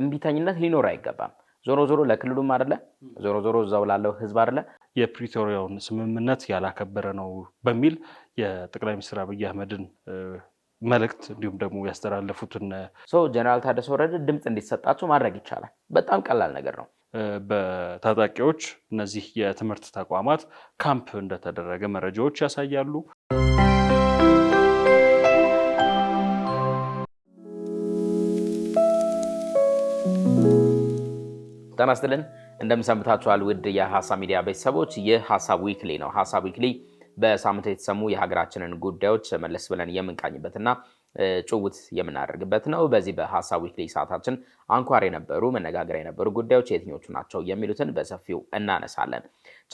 እምቢተኝነት ሊኖር አይገባም። ዞሮ ዞሮ ለክልሉም አይደለ፣ ዞሮ ዞሮ እዛው ላለው ህዝብ አይደለ። የፕሪቶሪያውን ስምምነት ያላከበረ ነው በሚል የጠቅላይ ሚኒስትር አብይ አህመድን መልእክት እንዲሁም ደግሞ ያስተላለፉትን ሰው ጀነራል ታደሰ ወረደ ድምፅ እንዲሰጣቸው ማድረግ ይቻላል። በጣም ቀላል ነገር ነው። በታጣቂዎች እነዚህ የትምህርት ተቋማት ካምፕ እንደተደረገ መረጃዎች ያሳያሉ። ጤና ይስጥልን እንደምንሰንብታችኋል ውድ የሀሳብ ሚዲያ ቤተሰቦች። ይህ ሀሳብ ዊክሊ ነው። ሀሳብ ዊክሊ በሳምንት የተሰሙ የሀገራችንን ጉዳዮች መለስ ብለን የምንቃኝበትና ጭውት የምናደርግበት ነው። በዚህ በሀሳብ ዊክሊ ሰዓታችን አንኳር የነበሩ መነጋገሪያ የነበሩ ጉዳዮች የትኞቹ ናቸው የሚሉትን በሰፊው እናነሳለን።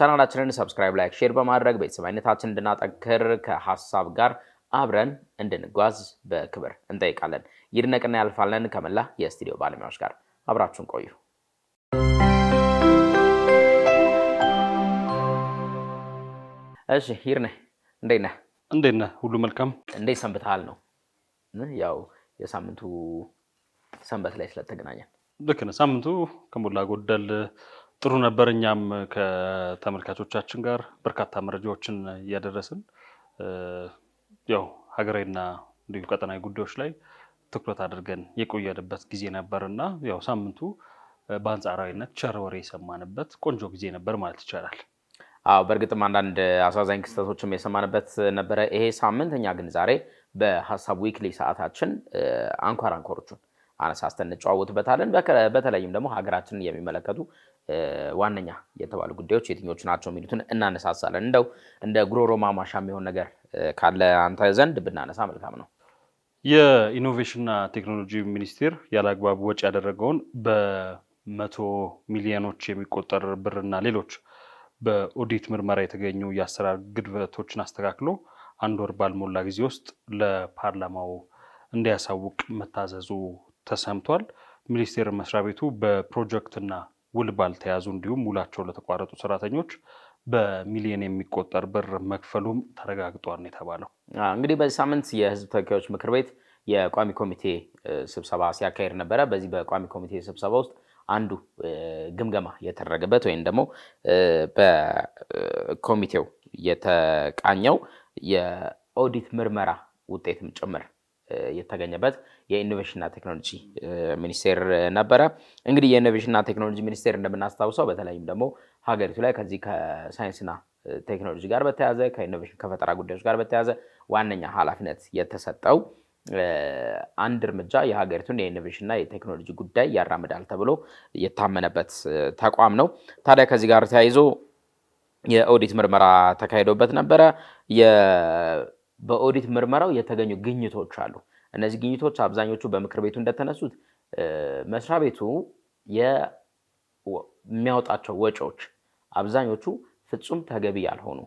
ቻናላችንን ሰብስክራይብ፣ ላይክ፣ ሼር በማድረግ ቤተሰባዊነታችን እንድናጠክር ከሀሳብ ጋር አብረን እንድንጓዝ በክብር እንጠይቃለን። ይድነቅና ያልፋለን ከመላ የስቱዲዮ ባለሙያዎች ጋር አብራችሁን ቆዩ። እሺ ይርነህ እንዴት ነህ? እንዴት ነህ? ሁሉ መልካም? እንዴት ሰንብተሃል ነው? ያው የሳምንቱ ሰንበት ላይ ስለተገናኘን። ልክ ነህ። ሳምንቱ ከሞላ ጎደል ጥሩ ነበር። እኛም ከተመልካቾቻችን ጋር በርካታ መረጃዎችን እያደረስን ያው ሀገራዊና እንዲሁ ቀጠናዊ ጉዳዮች ላይ ትኩረት አድርገን የቆየንበት ጊዜ ነበር እና ያው ሳምንቱ በአንጻራዊነት ቸር ወሬ የሰማንበት ቆንጆ ጊዜ ነበር ማለት ይቻላል። በእርግጥም አንዳንድ አሳዛኝ ክስተቶችም የሰማንበት ነበረ። ይሄ ሳምንት እኛ ግን ዛሬ በሀሳብ ዊክሊ ሰዓታችን አንኳር አንኳሮቹን አነሳስተን እንጨዋወትበታለን። በተለይም ደግሞ ሀገራችንን የሚመለከቱ ዋነኛ የተባሉ ጉዳዮች የትኞቹ ናቸው የሚሉትን እናነሳሳለን። እንደው እንደ ጉሮሮ ማሟሻ የሚሆን ነገር ካለ አንተ ዘንድ ብናነሳ መልካም ነው። የኢኖቬሽንና ቴክኖሎጂ ሚኒስቴር ያለአግባብ ወጪ ያደረገውን በመቶ ሚሊዮኖች የሚቆጠር ብርና ሌሎች በኦዲት ምርመራ የተገኙ የአሰራር ግድበቶችን አስተካክሎ አንድ ወር ባልሞላ ጊዜ ውስጥ ለፓርላማው እንዲያሳውቅ መታዘዙ ተሰምቷል። ሚኒስቴር መስሪያ ቤቱ በፕሮጀክትና ውል ባልተያዙ እንዲሁም ውላቸው ለተቋረጡ ሰራተኞች በሚሊዮን የሚቆጠር ብር መክፈሉም ተረጋግጧል ነው የተባለው። እንግዲህ በዚህ ሳምንት የህዝብ ተወካዮች ምክር ቤት የቋሚ ኮሚቴ ስብሰባ ሲያካሄድ ነበረ። በዚህ በቋሚ ኮሚቴ ስብሰባ ውስጥ አንዱ ግምገማ የተደረገበት ወይም ደግሞ በኮሚቴው የተቃኘው የኦዲት ምርመራ ውጤትም ጭምር የተገኘበት የኢኖቬሽንና ቴክኖሎጂ ሚኒስቴር ነበረ። እንግዲህ የኢኖቬሽንና ቴክኖሎጂ ሚኒስቴር እንደምናስታውሰው በተለይም ደግሞ ሀገሪቱ ላይ ከዚህ ከሳይንስና ቴክኖሎጂ ጋር በተያዘ ከኢኖቬሽን ከፈጠራ ጉዳዮች ጋር በተያዘ ዋነኛ ኃላፊነት የተሰጠው አንድ እርምጃ የሀገሪቱን የኢኖቬሽንና የቴክኖሎጂ ጉዳይ ያራምዳል ተብሎ የታመነበት ተቋም ነው። ታዲያ ከዚህ ጋር ተያይዞ የኦዲት ምርመራ ተካሂዶበት ነበረ። በኦዲት ምርመራው የተገኙ ግኝቶች አሉ። እነዚህ ግኝቶች አብዛኞቹ በምክር ቤቱ እንደተነሱት መስሪያ ቤቱ የሚያወጣቸው ወጪዎች አብዛኞቹ ፍጹም ተገቢ ያልሆኑ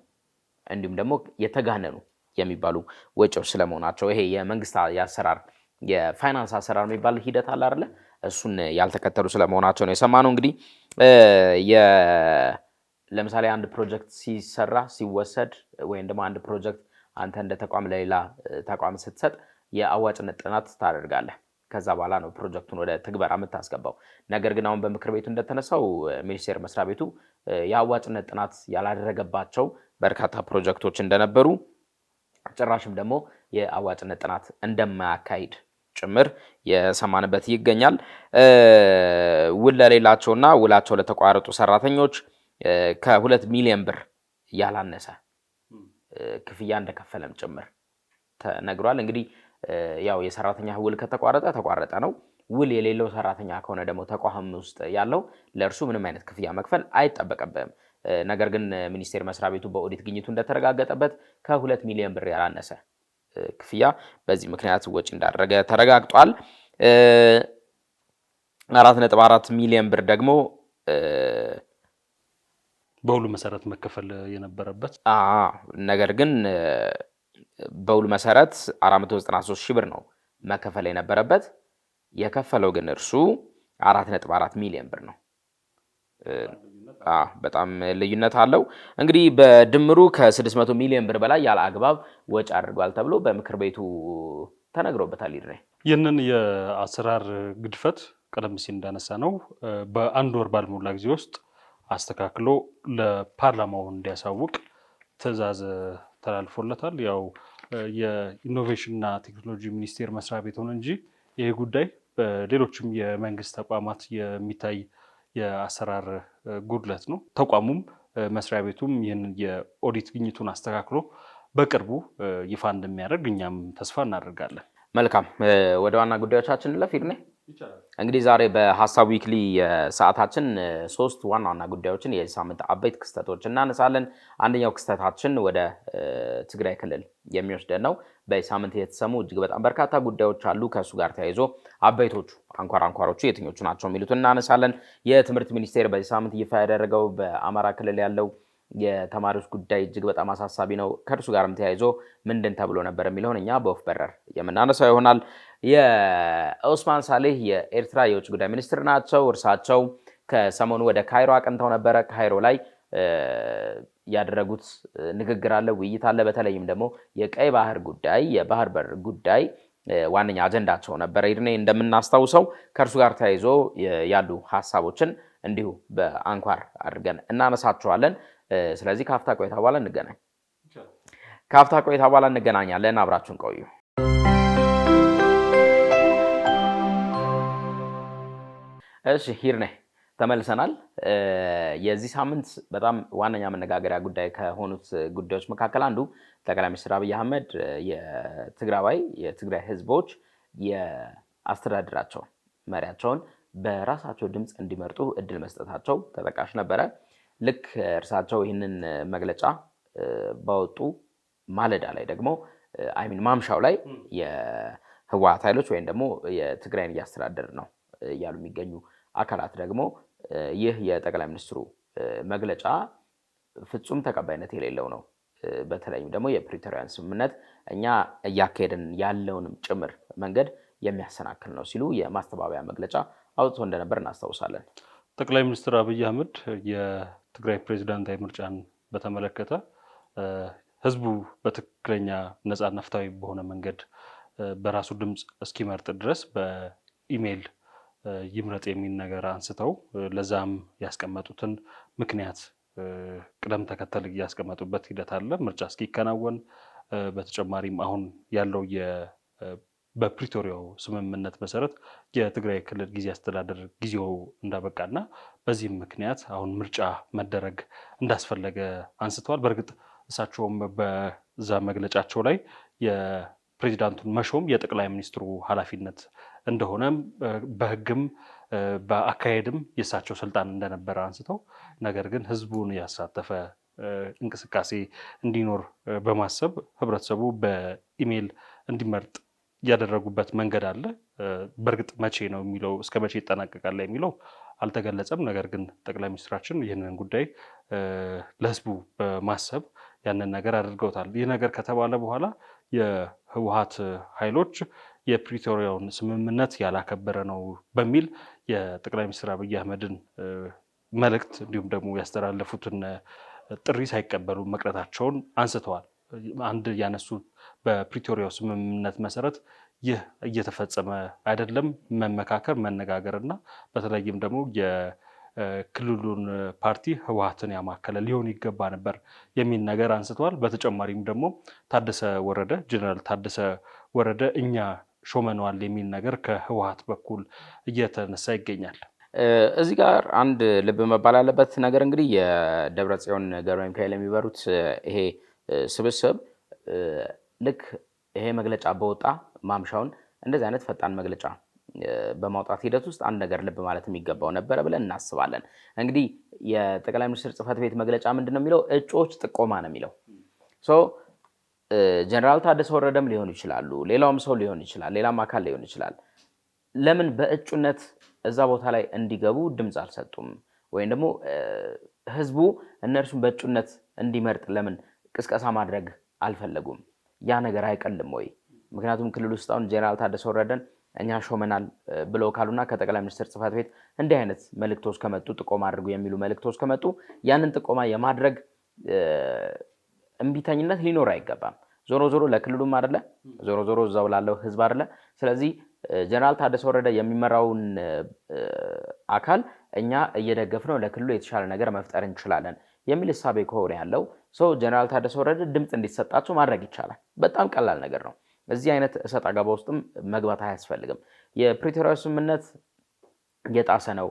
እንዲሁም ደግሞ የተጋነኑ የሚባሉ ወጪዎች ስለመሆናቸው ይሄ የመንግስት የአሰራር የፋይናንስ አሰራር የሚባል ሂደት አለ አይደለ? እሱን ያልተከተሉ ስለመሆናቸው ነው የሰማነው። እንግዲህ ለምሳሌ አንድ ፕሮጀክት ሲሰራ ሲወሰድ፣ ወይም ደግሞ አንድ ፕሮጀክት አንተ እንደ ተቋም ለሌላ ተቋም ስትሰጥ የአዋጭነት ጥናት ታደርጋለህ። ከዛ በኋላ ነው ፕሮጀክቱን ወደ ትግበራ የምታስገባው። ነገር ግን አሁን በምክር ቤቱ እንደተነሳው ሚኒስቴር መስሪያ ቤቱ የአዋጭነት ጥናት ያላደረገባቸው በርካታ ፕሮጀክቶች እንደነበሩ ጭራሽም ደግሞ የአዋጭነት ጥናት እንደማያካሂድ ጭምር የሰማንበት ይገኛል። ውል ለሌላቸውና ውላቸው ለተቋረጡ ሰራተኞች ከሁለት ሚሊዮን ብር ያላነሰ ክፍያ እንደከፈለም ጭምር ተነግሯል። እንግዲህ ያው የሰራተኛ ውል ከተቋረጠ ተቋረጠ ነው። ውል የሌለው ሰራተኛ ከሆነ ደግሞ ተቋም ውስጥ ያለው ለእርሱ ምንም አይነት ክፍያ መክፈል አይጠበቅብም። ነገር ግን ሚኒስቴር መስሪያ ቤቱ በኦዲት ግኝቱ እንደተረጋገጠበት ከሁለት ሚሊዮን ብር ያላነሰ ክፍያ በዚህ ምክንያት ወጪ እንዳደረገ ተረጋግጧል። አራት ነጥብ አራት ሚሊዮን ብር ደግሞ በውሉ መሰረት መከፈል የነበረበት ነገር ግን በውሉ መሰረት 493 ሺህ ብር ነው መከፈል የነበረበት የከፈለው ግን እርሱ 4.4 ሚሊዮን ብር ነው። በጣም ልዩነት አለው። እንግዲህ በድምሩ ከ600 ሚሊዮን ብር በላይ ያለ አግባብ ወጪ አድርጓል ተብሎ በምክር ቤቱ ተነግሮበታል። ይድ ይህንን የአሰራር ግድፈት ቀደም ሲል እንዳነሳ ነው በአንድ ወር ባልሞላ ጊዜ ውስጥ አስተካክሎ ለፓርላማው እንዲያሳውቅ ትዕዛዝ ተላልፎለታል። ያው የኢኖቬሽንና ቴክኖሎጂ ሚኒስቴር መስሪያ ቤት ሆነ እንጂ ይሄ ጉዳይ በሌሎችም የመንግስት ተቋማት የሚታይ የአሰራር ጉድለት ነው። ተቋሙም መስሪያ ቤቱም ይህን የኦዲት ግኝቱን አስተካክሎ በቅርቡ ይፋ እንደሚያደርግ እኛም ተስፋ እናደርጋለን። መልካም፣ ወደ ዋና ጉዳዮቻችን ለፍ ይድነ እንግዲህ ዛሬ በሀሳብ ዊክሊ ሰዓታችን ሶስት ዋና ዋና ጉዳዮችን ሳምንት አበይት ክስተቶች እናነሳለን። አንደኛው ክስተታችን ወደ ትግራይ ክልል የሚወስደን ነው። በሳምንት የተሰሙ እጅግ በጣም በርካታ ጉዳዮች አሉ። ከእሱ ጋር ተያይዞ አበይቶቹ አንኳር አንኳሮቹ የትኞቹ ናቸው የሚሉትን እናነሳለን። የትምህርት ሚኒስቴር በዚህ ሳምንት ይፋ ያደረገው በአማራ ክልል ያለው የተማሪዎች ጉዳይ እጅግ በጣም አሳሳቢ ነው። ከእርሱ ጋርም ተያይዞ ምንድን ተብሎ ነበር የሚለውን እኛ በወፍ በረር የምናነሳው ይሆናል። የኦስማን ሳሌህ የኤርትራ የውጭ ጉዳይ ሚኒስትር ናቸው። እርሳቸው ከሰሞኑ ወደ ካይሮ አቅንተው ነበረ። ካይሮ ላይ ያደረጉት ንግግር አለ፣ ውይይት አለ። በተለይም ደግሞ የቀይ ባህር ጉዳይ የባህር በር ጉዳይ ዋነኛ አጀንዳቸው ነበረ። ይድኔ እንደምናስታውሰው ከእርሱ ጋር ተያይዞ ያሉ ሀሳቦችን እንዲሁ በአንኳር አድርገን እናነሳቸዋለን። ስለዚህ ከአፍታ ቆይታ በኋላ እንገናኝ። ከአፍታ ቆይታ በኋላ እንገናኛለን። አብራችሁን ቆዩ። እሺ ሂርኔ ተመልሰናል። የዚህ ሳምንት በጣም ዋነኛ መነጋገሪያ ጉዳይ ከሆኑት ጉዳዮች መካከል አንዱ ጠቅላይ ሚኒስትር አብይ አህመድ የትግራዋይ የትግራይ ህዝቦች የአስተዳደራቸውን መሪያቸውን በራሳቸው ድምፅ እንዲመርጡ እድል መስጠታቸው ተጠቃሽ ነበረ። ልክ እርሳቸው ይህንን መግለጫ ባወጡ ማለዳ ላይ ደግሞ አይሚን ማምሻው ላይ የህወሀት ኃይሎች ወይም ደግሞ የትግራይን እያስተዳደር ነው እያሉ የሚገኙ አካላት ደግሞ ይህ የጠቅላይ ሚኒስትሩ መግለጫ ፍጹም ተቀባይነት የሌለው ነው። በተለይም ደግሞ የፕሪቶሪያን ስምምነት እኛ እያካሄድን ያለውንም ጭምር መንገድ የሚያሰናክል ነው ሲሉ የማስተባበያ መግለጫ አውጥቶ እንደነበር እናስታውሳለን። ጠቅላይ ሚኒስትር አብይ አህመድ የትግራይ ፕሬዚዳንታዊ ምርጫን በተመለከተ ህዝቡ በትክክለኛ ነፃና ፍትሃዊ በሆነ መንገድ በራሱ ድምፅ እስኪመርጥ ድረስ በኢሜይል ይምረጥ የሚል ነገር አንስተው ለዛም ያስቀመጡትን ምክንያት ቅደም ተከተል እያስቀመጡበት ሂደት አለ። ምርጫ እስኪከናወን በተጨማሪም አሁን ያለው በፕሪቶሪያው ስምምነት መሰረት የትግራይ ክልል ጊዜ አስተዳደር ጊዜው እንዳበቃና በዚህም ምክንያት አሁን ምርጫ መደረግ እንዳስፈለገ አንስተዋል። በእርግጥ እሳቸውም በዛ መግለጫቸው ላይ የፕሬዚዳንቱን መሾም የጠቅላይ ሚኒስትሩ ኃላፊነት እንደሆነም በህግም በአካሄድም የእሳቸው ስልጣን እንደነበረ አንስተው ነገር ግን ህዝቡን ያሳተፈ እንቅስቃሴ እንዲኖር በማሰብ ህብረተሰቡ በኢሜይል እንዲመርጥ ያደረጉበት መንገድ አለ። በእርግጥ መቼ ነው የሚለው እስከ መቼ ይጠናቀቃል የሚለው አልተገለጸም። ነገር ግን ጠቅላይ ሚኒስትራችን ይህንን ጉዳይ ለህዝቡ በማሰብ ያንን ነገር አድርገውታል። ይህ ነገር ከተባለ በኋላ የህወሀት ኃይሎች የፕሪቶሪያውን ስምምነት ያላከበረ ነው በሚል የጠቅላይ ሚኒስትር አብይ አህመድን መልእክት እንዲሁም ደግሞ ያስተላለፉትን ጥሪ ሳይቀበሉ መቅረታቸውን አንስተዋል። አንድ ያነሱት በፕሪቶሪያው ስምምነት መሰረት ይህ እየተፈጸመ አይደለም። መመካከር፣ መነጋገር እና በተለይም ደግሞ የክልሉን ፓርቲ ህወሀትን ያማከለ ሊሆን ይገባ ነበር የሚል ነገር አንስተዋል። በተጨማሪም ደግሞ ታደሰ ወረደ ጀነራል ታደሰ ወረደ እኛ ሾመነዋል የሚል ነገር ከህወሀት በኩል እየተነሳ ይገኛል። እዚህ ጋር አንድ ልብ መባል ያለበት ነገር እንግዲህ የደብረ ጽዮን ገብረ ሚካኤል የሚበሩት ይሄ ስብስብ ልክ ይሄ መግለጫ በወጣ ማምሻውን እንደዚህ አይነት ፈጣን መግለጫ በማውጣት ሂደት ውስጥ አንድ ነገር ልብ ማለት የሚገባው ነበረ ብለን እናስባለን። እንግዲህ የጠቅላይ ሚኒስትር ጽህፈት ቤት መግለጫ ምንድን ነው የሚለው? እጩዎች ጥቆማ ነው የሚለው ጀነራል ታደሰ ወረደም ሊሆኑ ይችላሉ፣ ሌላውም ሰው ሊሆን ይችላል፣ ሌላም አካል ሊሆን ይችላል። ለምን በእጩነት እዛ ቦታ ላይ እንዲገቡ ድምፅ አልሰጡም? ወይም ደግሞ ህዝቡ እነርሱን በእጩነት እንዲመርጥ ለምን ቅስቀሳ ማድረግ አልፈለጉም? ያ ነገር አይቀልም ወይ? ምክንያቱም ክልል ውስጥ አሁን ጀነራል ታደሰ ወረደን እኛ ሾመናል ብለው ካሉና ከጠቅላይ ሚኒስትር ጽሕፈት ቤት እንዲህ አይነት መልእክቶች ከመጡ ጥቆማ አድርጉ የሚሉ መልእክቶች ከመጡ ያንን ጥቆማ የማድረግ እምቢተኝነት ሊኖር አይገባም። ዞሮ ዞሮ ለክልሉም አደለ፣ ዞሮ ዞሮ እዛው ላለው ህዝብ አደለ። ስለዚህ ጀነራል ታደሰ ወረደ የሚመራውን አካል እኛ እየደገፍ ነው ለክልሉ የተሻለ ነገር መፍጠር እንችላለን የሚል እሳቤ ከሆነ ያለው ሰው ጀነራል ታደሰ ወረደ ድምፅ እንዲሰጣቸው ማድረግ ይቻላል። በጣም ቀላል ነገር ነው። እዚህ አይነት እሰጥ አገባ ውስጥም መግባት አያስፈልግም። የፕሪቶሪያ ስምምነት የጣሰ ነው።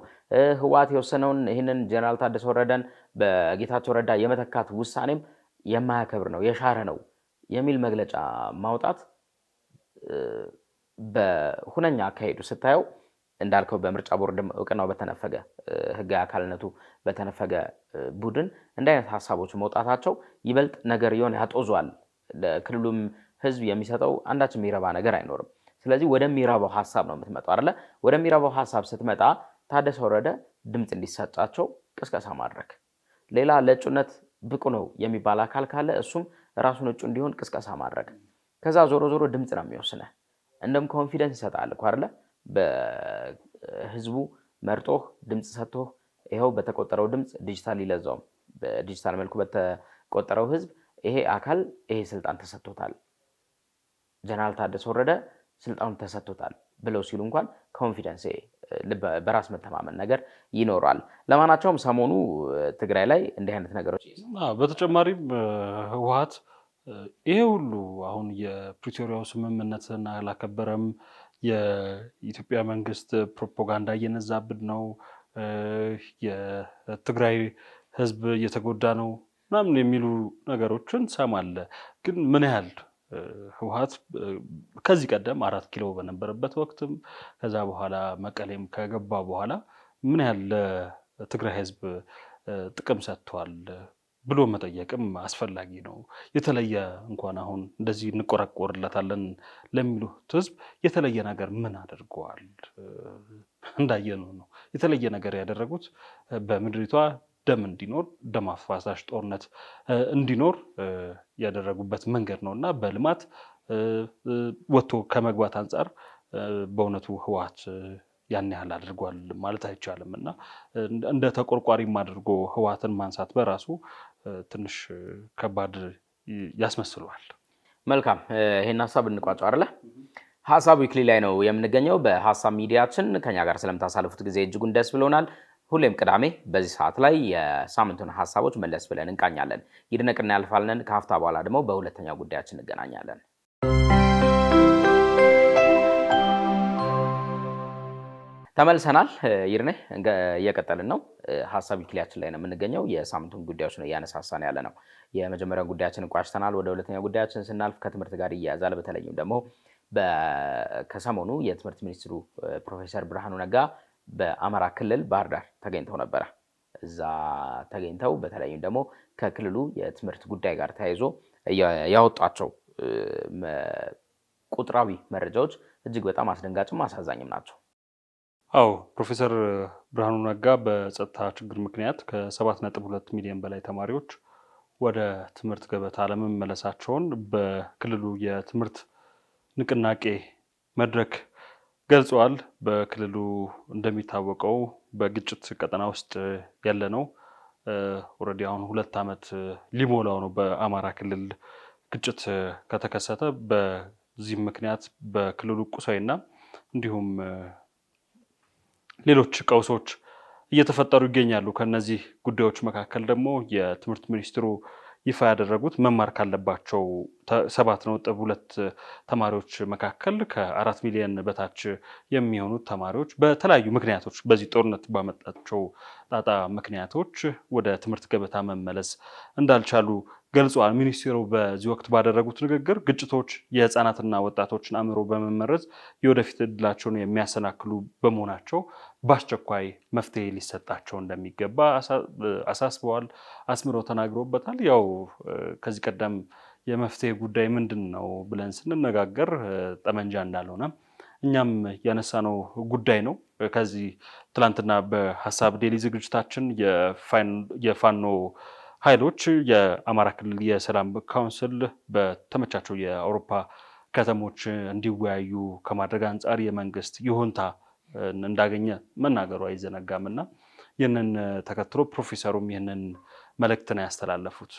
ህወሓት የወሰነውን ይህንን ጀነራል ታደሰ ወረደን በጌታቸው ረዳ የመተካት ውሳኔም የማያከብር ነው፣ የሻረ ነው የሚል መግለጫ ማውጣት በሁነኛ አካሄዱ ስታየው እንዳልከው በምርጫ ቦርድም እውቅናው በተነፈገ ሕጋዊ አካልነቱ በተነፈገ ቡድን እንደ አይነት ሀሳቦች መውጣታቸው ይበልጥ ነገር የሆነ ያጦዟል። ለክልሉም ህዝብ የሚሰጠው አንዳች የሚረባ ነገር አይኖርም። ስለዚህ ወደሚረባው ሀሳብ ነው የምትመጣው አለ። ወደሚረባው ሀሳብ ስትመጣ ታደሰ ወረደ ድምፅ እንዲሰጫቸው ቅስቀሳ ማድረግ ሌላ ለእጩነት ብቁ ነው የሚባል አካል ካለ እሱም ራሱን እጩ እንዲሆን ቅስቀሳ ማድረግ። ከዛ ዞሮ ዞሮ ድምፅ ነው የሚወስነ እንደም ኮንፊደንስ ይሰጣል እኮ አይደለ? በህዝቡ መርጦህ ድምፅ ሰጥቶህ ይኸው በተቆጠረው ድምፅ ዲጂታል ይለዛውም በዲጂታል መልኩ በተቆጠረው ህዝብ ይሄ አካል ይሄ ስልጣን ተሰጥቶታል፣ ጀነራል ታደሰ ወረደ ስልጣኑ ተሰጥቶታል ብለው ሲሉ እንኳን ኮንፊደንስ በራስ መተማመን ነገር ይኖራል። ለማናቸውም ሰሞኑ ትግራይ ላይ እንዲህ አይነት ነገሮች በተጨማሪም ህወሀት ይሄ ሁሉ አሁን የፕሪቶሪያው ስምምነትን አላከበረም፣ የኢትዮጵያ መንግስት ፕሮፓጋንዳ እየነዛብን ነው፣ የትግራይ ህዝብ እየተጎዳ ነው ምናምን የሚሉ ነገሮችን ሰማለ። ግን ምን ያህል ህወሓት ከዚህ ቀደም አራት ኪሎ በነበረበት ወቅትም ከዛ በኋላ መቀሌም ከገባ በኋላ ምን ያህል ለትግራይ ህዝብ ጥቅም ሰጥቷል ብሎ መጠየቅም አስፈላጊ ነው። የተለየ እንኳን አሁን እንደዚህ እንቆረቆርለታለን ለሚሉት ህዝብ የተለየ ነገር ምን አድርገዋል? እንዳየነው ነው የተለየ ነገር ያደረጉት በምድሪቷ ደም እንዲኖር ደም አፋሳሽ ጦርነት እንዲኖር ያደረጉበት መንገድ ነው እና በልማት ወጥቶ ከመግባት አንጻር በእውነቱ ህወሓት ያን ያህል አድርጓል ማለት አይቻልም እና እንደ ተቆርቋሪም አድርጎ ህወሓትን ማንሳት በራሱ ትንሽ ከባድ ያስመስለዋል። መልካም ይህን ሀሳብ እንቋጫው አለ። ሀሳብ ዊክሊ ላይ ነው የምንገኘው። በሀሳብ ሚዲያችን ከኛ ጋር ስለምታሳልፉት ጊዜ እጅጉን ደስ ብሎናል። ሁሌም ቅዳሜ በዚህ ሰዓት ላይ የሳምንቱን ሀሳቦች መለስ ብለን እንቃኛለን። ይድነቅና ያልፋልንን ከሀፍታ በኋላ ደግሞ በሁለተኛ ጉዳያችን እንገናኛለን። ተመልሰናል። ይርኔ እየቀጠልን ነው። ሀሳብ ዊክሊያችን ላይ ነው የምንገኘው። የሳምንቱን ጉዳዮች ነው እያነሳሳን ያለ ነው። የመጀመሪያ ጉዳያችን ቋጭተናል። ወደ ሁለተኛ ጉዳያችን ስናልፍ ከትምህርት ጋር እያያዛል። በተለይም ደግሞ ከሰሞኑ የትምህርት ሚኒስትሩ ፕሮፌሰር ብርሃኑ ነጋ በአማራ ክልል ባህር ዳር ተገኝተው ነበረ። እዛ ተገኝተው በተለይም ደግሞ ከክልሉ የትምህርት ጉዳይ ጋር ተያይዞ ያወጧቸው ቁጥራዊ መረጃዎች እጅግ በጣም አስደንጋጭም አሳዛኝም ናቸው። አዎ ፕሮፌሰር ብርሃኑ ነጋ በጸጥታ ችግር ምክንያት ከሰባት ነጥብ 2 ሚሊዮን በላይ ተማሪዎች ወደ ትምህርት ገበታ ለመመለሳቸውን በክልሉ የትምህርት ንቅናቄ መድረክ ገልጸዋል። በክልሉ እንደሚታወቀው በግጭት ቀጠና ውስጥ ያለ ነው። ኦልሬዲ አሁን ሁለት ዓመት ሊሞላው ነው በአማራ ክልል ግጭት ከተከሰተ። በዚህም ምክንያት በክልሉ ቁሳዊና እንዲሁም ሌሎች ቀውሶች እየተፈጠሩ ይገኛሉ። ከነዚህ ጉዳዮች መካከል ደግሞ የትምህርት ሚኒስትሩ ይፋ ያደረጉት መማር ካለባቸው ሰባት ነጥብ ሁለት ተማሪዎች መካከል ከአራት ሚሊዮን በታች የሚሆኑት ተማሪዎች በተለያዩ ምክንያቶች በዚህ ጦርነት ባመጣቸው ጣጣ ምክንያቶች ወደ ትምህርት ገበታ መመለስ እንዳልቻሉ ገልጿል። ሚኒስቴሩ በዚህ ወቅት ባደረጉት ንግግር ግጭቶች የህፃናትና ወጣቶችን አእምሮ በመመረዝ የወደፊት እድላቸውን የሚያሰናክሉ በመሆናቸው በአስቸኳይ መፍትሄ ሊሰጣቸው እንደሚገባ አሳስበዋል። አስምረው ተናግሮበታል። ያው ከዚህ ቀደም የመፍትሄ ጉዳይ ምንድን ነው ብለን ስንነጋገር ጠመንጃ እንዳልሆነ እኛም ያነሳነው ጉዳይ ነው። ከዚህ ትናንትና በሀሳብ ዴሊ ዝግጅታችን የፋኖ ኃይሎች የአማራ ክልል የሰላም ካውንስል በተመቻቸው የአውሮፓ ከተሞች እንዲወያዩ ከማድረግ አንጻር የመንግስት ይሁንታ እንዳገኘ መናገሩ አይዘነጋም እና ይህንን ተከትሎ ፕሮፌሰሩም ይህንን መልእክት ነው ያስተላለፉት።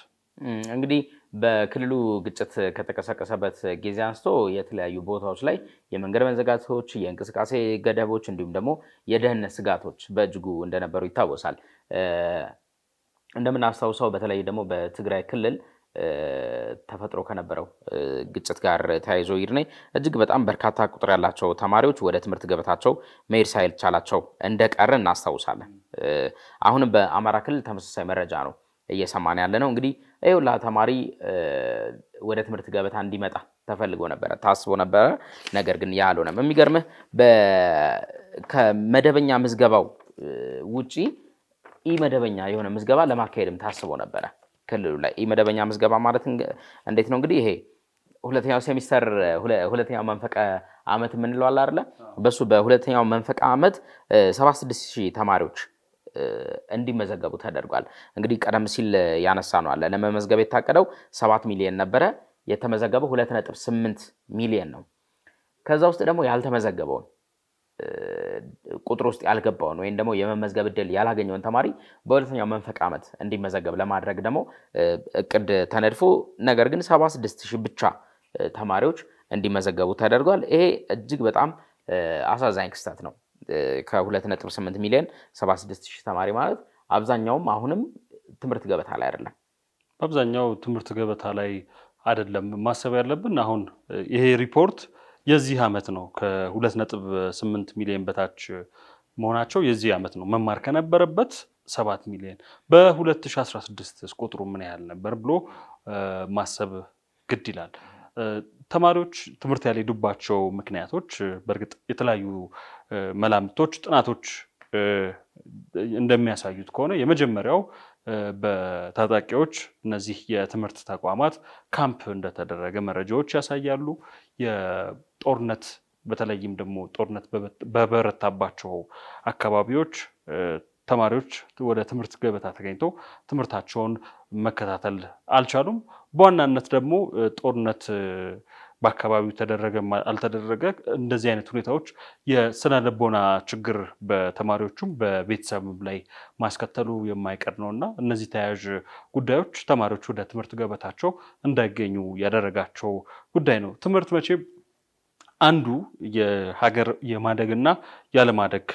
እንግዲህ በክልሉ ግጭት ከተቀሰቀሰበት ጊዜ አንስቶ የተለያዩ ቦታዎች ላይ የመንገድ መዘጋቶች፣ የእንቅስቃሴ ገደቦች እንዲሁም ደግሞ የደህንነት ስጋቶች በእጅጉ እንደነበሩ ይታወሳል። እንደምናስታውሰው በተለይ ደግሞ በትግራይ ክልል ተፈጥሮ ከነበረው ግጭት ጋር ተያይዞ ይድነ እጅግ በጣም በርካታ ቁጥር ያላቸው ተማሪዎች ወደ ትምህርት ገበታቸው መሄድ ሳይቻላቸው እንደቀረ እናስታውሳለን። አሁንም በአማራ ክልል ተመሳሳይ መረጃ ነው እየሰማን ያለ ነው። እንግዲህ ይኸውላ ተማሪ ወደ ትምህርት ገበታ እንዲመጣ ተፈልጎ ነበረ፣ ታስቦ ነበረ። ነገር ግን ያ አልሆነም። የሚገርምህ ከመደበኛ ምዝገባው ውጪ ኢመደበኛ የሆነ ምዝገባ ለማካሄድም ታስቦ ነበረ ክልሉ ላይ ኢመደበኛ ምዝገባ ማለት እንዴት ነው እንግዲህ ይሄ ሁለተኛው ሴሚስተር ሁለተኛው መንፈቀ ዓመት የምንለው አለ አይደለ? በሱ በሁለተኛው መንፈቀ ዓመት 76 ሺህ ተማሪዎች እንዲመዘገቡ ተደርጓል። እንግዲህ ቀደም ሲል ያነሳ ነው አለ ለመመዝገብ የታቀደው 7 ሚሊዮን ነበረ፣ የተመዘገበው 2.8 ሚሊዮን ነው። ከዛ ውስጥ ደግሞ ያልተመዘገበውን ቁጥር ውስጥ ያልገባውን ወይም ደግሞ የመመዝገብ እድል ያላገኘውን ተማሪ በሁለተኛው መንፈቅ ዓመት እንዲመዘገብ ለማድረግ ደግሞ እቅድ ተነድፎ ነገር ግን ሰባ ስድስት ሺህ ብቻ ተማሪዎች እንዲመዘገቡ ተደርጓል። ይሄ እጅግ በጣም አሳዛኝ ክስተት ነው። ከ2.8 ሚሊዮን 76 ሺህ ተማሪ ማለት አብዛኛውም አሁንም ትምህርት ገበታ ላይ አይደለም። በአብዛኛው ትምህርት ገበታ ላይ አይደለም። ማሰብ ያለብን አሁን ይሄ ሪፖርት የዚህ ዓመት ነው። ከ ከ2.8 ሚሊዮን በታች መሆናቸው የዚህ ዓመት ነው። መማር ከነበረበት 7 ሚሊዮን በ2016 ቁጥሩ ምን ያህል ነበር ብሎ ማሰብ ግድ ይላል። ተማሪዎች ትምህርት ያልሄዱባቸው ምክንያቶች በእርግጥ የተለያዩ መላምቶች፣ ጥናቶች እንደሚያሳዩት ከሆነ የመጀመሪያው በታጣቂዎች እነዚህ የትምህርት ተቋማት ካምፕ እንደተደረገ መረጃዎች ያሳያሉ። የጦርነት በተለይም ደግሞ ጦርነት በበረታባቸው አካባቢዎች ተማሪዎች ወደ ትምህርት ገበታ ተገኝተው ትምህርታቸውን መከታተል አልቻሉም። በዋናነት ደግሞ ጦርነት በአካባቢው ተደረገ አልተደረገ እንደዚህ አይነት ሁኔታዎች የስነ ልቦና ችግር በተማሪዎቹም በቤተሰብ ላይ ማስከተሉ የማይቀር ነው እና እነዚህ ተያያዥ ጉዳዮች ተማሪዎች ወደ ትምህርት ገበታቸው እንዳይገኙ ያደረጋቸው ጉዳይ ነው። ትምህርት መቼ አንዱ የሀገር የማደግና ያለማደግ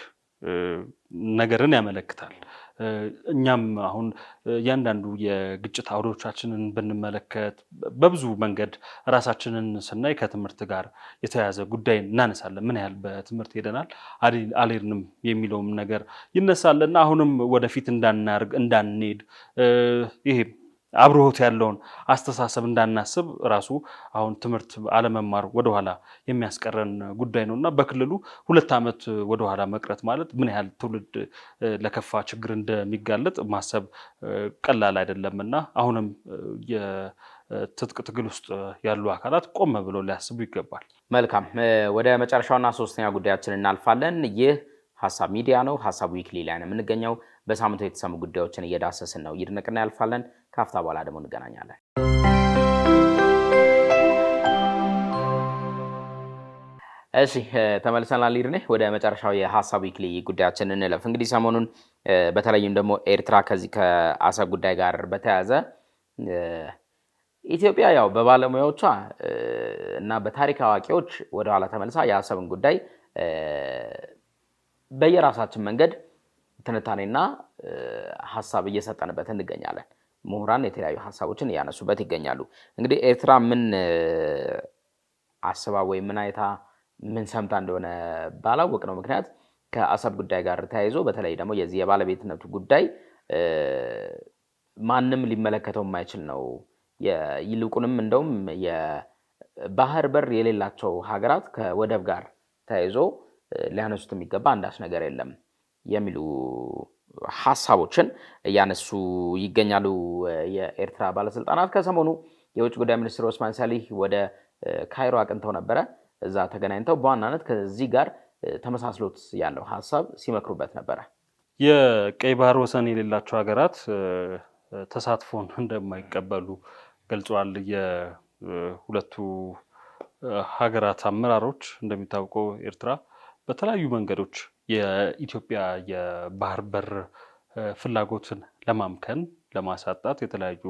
ነገርን ያመለክታል። እኛም አሁን እያንዳንዱ የግጭት አውዶቻችንን ብንመለከት በብዙ መንገድ ራሳችንን ስናይ ከትምህርት ጋር የተያያዘ ጉዳይ እናነሳለን። ምን ያህል በትምህርት ሄደናል አልሄድንም የሚለውም ነገር ይነሳለና አሁንም ወደፊት እንዳናርግ እንዳንሄድ ይሄ አብሮት ያለውን አስተሳሰብ እንዳናስብ ራሱ አሁን ትምህርት አለመማር ወደኋላ የሚያስቀረን ጉዳይ ነው እና በክልሉ ሁለት ዓመት ወደኋላ መቅረት ማለት ምን ያህል ትውልድ ለከፋ ችግር እንደሚጋለጥ ማሰብ ቀላል አይደለም እና አሁንም ትጥቅ ትግል ውስጥ ያሉ አካላት ቆም ብሎ ሊያስቡ ይገባል። መልካም። ወደ መጨረሻውና ሶስተኛ ጉዳያችን እናልፋለን። ይህ ሀሳብ ሚዲያ ነው። ሀሳብ ዊክሊ ላይ ነው የምንገኘው። በሳምንቱ የተሰሙ ጉዳዮችን እየዳሰስን ነው። ይድነቅና ያልፋለን ካፍታ በኋላ ደግሞ እንገናኛለን። እሺ ተመልሰናል። ሊድነ ወደ መጨረሻው የሀሳብ ዊክሊ ጉዳያችን እንለፍ። እንግዲህ ሰሞኑን በተለይም ደግሞ ኤርትራ ከዚህ ከአሰብ ጉዳይ ጋር በተያያዘ ኢትዮጵያ ያው በባለሙያዎቿ እና በታሪክ አዋቂዎች ወደኋላ ተመልሳ የአሰብን ጉዳይ በየራሳችን መንገድ ትንታኔና ሀሳብ እየሰጠንበት እንገኛለን። ምሁራን የተለያዩ ሀሳቦችን እያነሱበት ይገኛሉ። እንግዲህ ኤርትራ ምን አስባ ወይም ምን አይታ ምን ሰምታ እንደሆነ ባላወቅ ነው ምክንያት ከአሰብ ጉዳይ ጋር ተያይዞ በተለይ ደግሞ የዚህ የባለቤትነቱ ጉዳይ ማንም ሊመለከተው የማይችል ነው። ይልቁንም እንደውም የባህር በር የሌላቸው ሀገራት ከወደብ ጋር ተያይዞ ሊያነሱት የሚገባ አንዳች ነገር የለም የሚሉ ሀሳቦችን እያነሱ ይገኛሉ የኤርትራ ባለስልጣናት። ከሰሞኑ የውጭ ጉዳይ ሚኒስትር ኦስማን ሳሊህ ወደ ካይሮ አቅንተው ነበረ። እዛ ተገናኝተው በዋናነት ከዚህ ጋር ተመሳስሎት ያለው ሀሳብ ሲመክሩበት ነበረ። የቀይ ባህር ወሰን የሌላቸው ሀገራት ተሳትፎን እንደማይቀበሉ ገልጸዋል። የሁለቱ ሀገራት አመራሮች እንደሚታወቀው ኤርትራ በተለያዩ መንገዶች የኢትዮጵያ የባህር በር ፍላጎትን ለማምከን ለማሳጣት የተለያዩ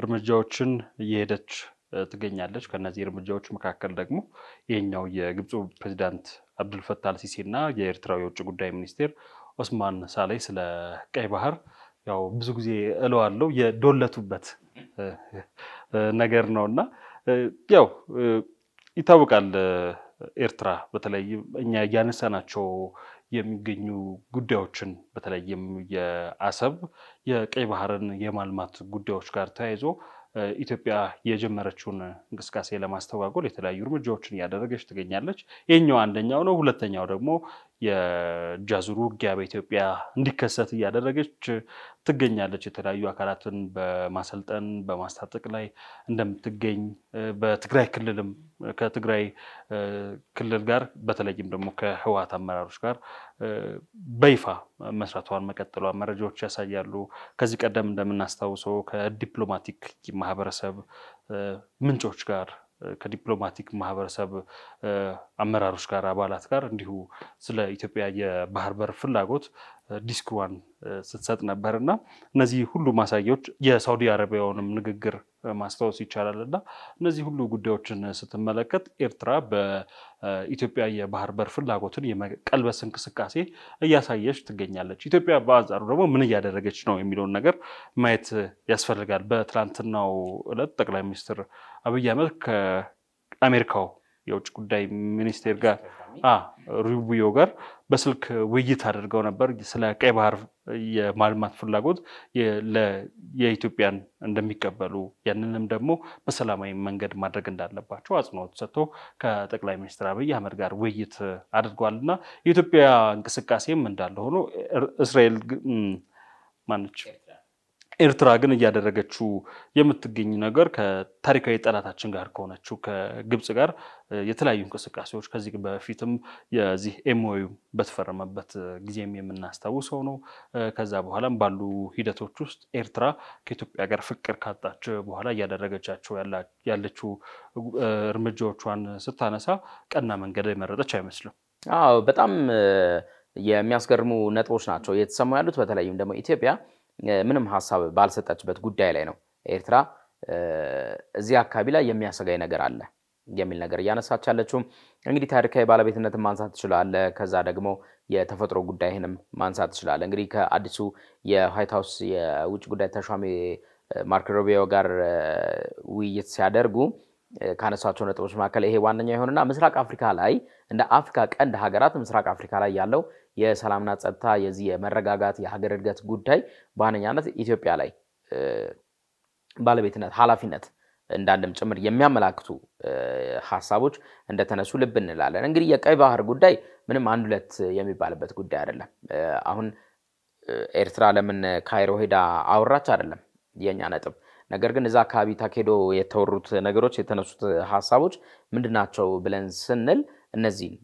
እርምጃዎችን እየሄደች ትገኛለች። ከእነዚህ እርምጃዎች መካከል ደግሞ ይህኛው የግብፁ ፕሬዚዳንት አብዱልፈታ አልሲሲ እና የኤርትራው የውጭ ጉዳይ ሚኒስቴር ኦስማን ሳላይ ስለ ቀይ ባህር ያው ብዙ ጊዜ እለዋለው የዶለቱበት ነገር ነው እና ያው ይታወቃል ኤርትራ በተለይ እኛ እያነሳናቸው የሚገኙ ጉዳዮችን በተለይም የአሰብ የቀይ ባህርን የማልማት ጉዳዮች ጋር ተያይዞ ኢትዮጵያ የጀመረችውን እንቅስቃሴ ለማስተጓጎል የተለያዩ እርምጃዎችን እያደረገች ትገኛለች። ይህኛው አንደኛው ነው። ሁለተኛው ደግሞ የጃዙር ውጊያ በኢትዮጵያ እንዲከሰት እያደረገች ትገኛለች። የተለያዩ አካላትን በማሰልጠን በማስታጠቅ ላይ እንደምትገኝ በትግራይ ክልልም ከትግራይ ክልል ጋር በተለይም ደግሞ ከህወሓት አመራሮች ጋር በይፋ መስራቷን መቀጠሏ መረጃዎች ያሳያሉ። ከዚህ ቀደም እንደምናስታውሰው ከዲፕሎማቲክ ማህበረሰብ ምንጮች ጋር ከዲፕሎማቲክ ማህበረሰብ አመራሮች ጋር አባላት ጋር እንዲሁ ስለ ኢትዮጵያ የባህር በር ፍላጎት ዲስክ ዋን ስትሰጥ ነበር እና እነዚህ ሁሉ ማሳያዎች የሳውዲ አረቢያውንም ንግግር ማስታወስ ይቻላል እና እነዚህ ሁሉ ጉዳዮችን ስትመለከት ኤርትራ በኢትዮጵያ የባህር በር ፍላጎትን የመቀልበስ እንቅስቃሴ እያሳየች ትገኛለች። ኢትዮጵያ በአንጻሩ ደግሞ ምን እያደረገች ነው የሚለውን ነገር ማየት ያስፈልጋል። በትናንትናው ዕለት ጠቅላይ ሚኒስትር አብይ አህመድ ከአሜሪካው የውጭ ጉዳይ ሚኒስቴር ጋር ሩቢዮ ጋር በስልክ ውይይት አድርገው ነበር ስለ ቀይ ባህር የማልማት ፍላጎት የኢትዮጵያን እንደሚቀበሉ ያንንም ደግሞ በሰላማዊ መንገድ ማድረግ እንዳለባቸው አጽንኦት ሰጥቶ ከጠቅላይ ሚኒስትር አብይ አህመድ ጋር ውይይት አድርጓል እና የኢትዮጵያ እንቅስቃሴም እንዳለ ሆኖ እስራኤል ማነች ኤርትራ ግን እያደረገችው የምትገኝ ነገር ከታሪካዊ ጠላታችን ጋር ከሆነችው ከግብፅ ጋር የተለያዩ እንቅስቃሴዎች ከዚህ በፊትም የዚህ ኤምኦዩ በተፈረመበት ጊዜም የምናስታውሰው ነው። ከዛ በኋላም ባሉ ሂደቶች ውስጥ ኤርትራ ከኢትዮጵያ ጋር ፍቅር ካጣች በኋላ እያደረገቻቸው ያለችው እርምጃዎቿን ስታነሳ ቀና መንገድ የመረጠች አይመስልም። አዎ በጣም የሚያስገርሙ ነጥቦች ናቸው የተሰሙ ያሉት። በተለይም ደግሞ ኢትዮጵያ ምንም ሀሳብ ባልሰጠችበት ጉዳይ ላይ ነው ኤርትራ እዚህ አካባቢ ላይ የሚያሰጋኝ ነገር አለ የሚል ነገር እያነሳች ያለችውም እንግዲህ ታሪካዊ ባለቤትነትን ማንሳት ትችላለ። ከዛ ደግሞ የተፈጥሮ ጉዳይንም ማንሳት ትችላለ። እንግዲህ ከአዲሱ የዋይት ሀውስ የውጭ ጉዳይ ተሿሚ ማርክ ሮቢዮ ጋር ውይይት ሲያደርጉ ካነሷቸው ነጥቦች መካከል ይሄ ዋነኛ የሆነና ምስራቅ አፍሪካ ላይ እንደ አፍሪካ ቀንድ ሀገራት ምስራቅ አፍሪካ ላይ ያለው የሰላምና ጸጥታ የዚህ የመረጋጋት የሀገር እድገት ጉዳይ በዋነኛነት ኢትዮጵያ ላይ ባለቤትነት ኃላፊነት እንዳለም ጭምር የሚያመላክቱ ሀሳቦች እንደተነሱ ልብ እንላለን። እንግዲህ የቀይ ባህር ጉዳይ ምንም አንድ ሁለት የሚባልበት ጉዳይ አይደለም። አሁን ኤርትራ ለምን ካይሮ ሄዳ አወራች አይደለም የእኛ ነጥብ። ነገር ግን እዛ አካባቢ ተካሂዶ የተወሩት ነገሮች የተነሱት ሀሳቦች ምንድናቸው ብለን ስንል እነዚህን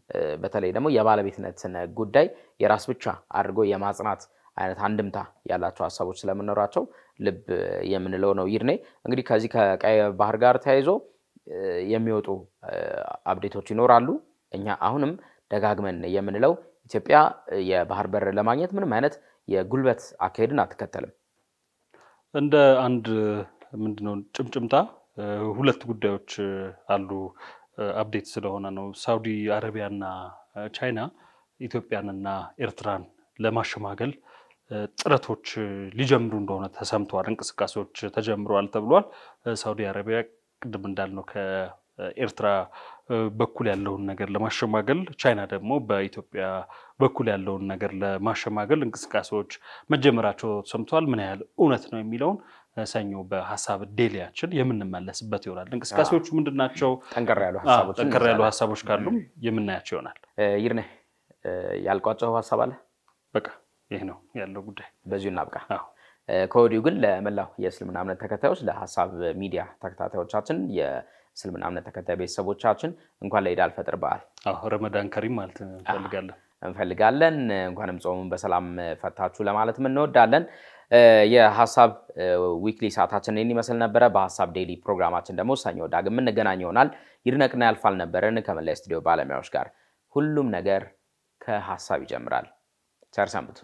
በተለይ ደግሞ የባለቤትነትን ጉዳይ የራስ ብቻ አድርጎ የማጽናት አይነት አንድምታ ያላቸው ሀሳቦች ስለምኖራቸው ልብ የምንለው ነው። ይርኔ እንግዲህ ከዚህ ከቀይ ባህር ጋር ተያይዞ የሚወጡ አብዴቶች ይኖራሉ። እኛ አሁንም ደጋግመን የምንለው ኢትዮጵያ የባህር በር ለማግኘት ምንም አይነት የጉልበት አካሄድን አትከተልም። እንደ አንድ ምንድነው ጭምጭምታ ሁለት ጉዳዮች አሉ። አፕዴት ስለሆነ ነው። ሳውዲ አረቢያና ቻይና ኢትዮጵያንና ኤርትራን ለማሸማገል ጥረቶች ሊጀምሩ እንደሆነ ተሰምተዋል። እንቅስቃሴዎች ተጀምረዋል ተብሏል። ሳውዲ አረቢያ ቅድም እንዳልነው ከኤርትራ በኩል ያለውን ነገር ለማሸማገል፣ ቻይና ደግሞ በኢትዮጵያ በኩል ያለውን ነገር ለማሸማገል እንቅስቃሴዎች መጀመራቸው ተሰምተዋል። ምን ያህል እውነት ነው የሚለውን ሰኞ በሀሳብ ዴሊያችን የምንመለስበት ይሆናል። እንቅስቃሴዎቹ ምንድናቸው? ጠንከር ያሉ ሀሳቦች ካሉም የምናያቸው ይሆናል። ይርነ ያልቋጨው ሀሳብ አለ? በቃ ይህ ነው ያለው ጉዳይ፣ በዚሁ እናብቃ። ከወዲሁ ግን ለመላው የእስልምና እምነት ተከታዮች ለሀሳብ ሚዲያ ተከታታዮቻችን የእስልምና እምነት ተከታይ ቤተሰቦቻችን እንኳን ለኢድ አልፈጥር በዓል ረመዳን ከሪም ማለት እንፈልጋለን እንፈልጋለን። እንኳንም ጾሙን በሰላም ፈታችሁ ለማለት እንወዳለን። የሀሳብ ዊክሊ ሰዓታችን ይህን ይመስል ነበረ። በሀሳብ ዴይሊ ፕሮግራማችን ደግሞ ሰኞ ዳግም የምንገናኝ ይሆናል። ይድነቅና ያልፋል ነበረን ከመላይ ስቱዲዮ ባለሙያዎች ጋር ሁሉም ነገር ከሀሳብ ይጀምራል። ቸር ሰንብቱ።